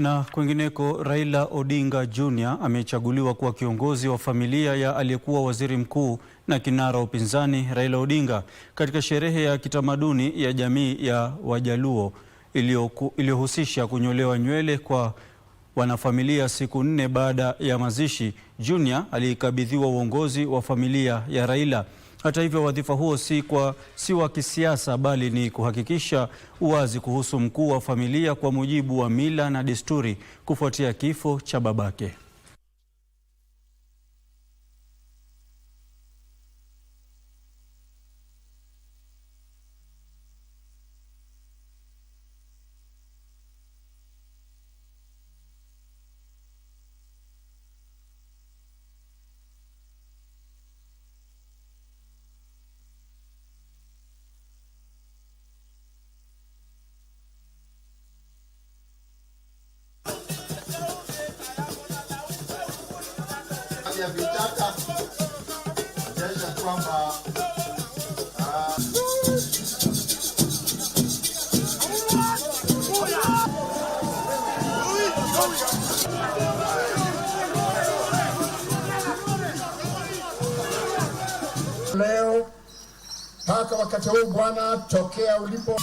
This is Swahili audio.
Na kwingineko, Raila Odinga Junior amechaguliwa kuwa kiongozi wa familia ya aliyekuwa waziri mkuu na kinara upinzani Raila Odinga katika sherehe ya kitamaduni ya jamii ya Wajaluo iliyohusisha kunyolewa nywele kwa wanafamilia siku nne baada ya mazishi. Junior aliyekabidhiwa uongozi wa familia ya Raila. Hata hivyo, wadhifa huo si kwa si wa kisiasa bali ni kuhakikisha uwazi kuhusu mkuu wa familia kwa mujibu wa mila na desturi kufuatia kifo cha babake. hajavitaka ajaisha kwamba ah. leo mpaka wakati huu Bwana, tokea ulipo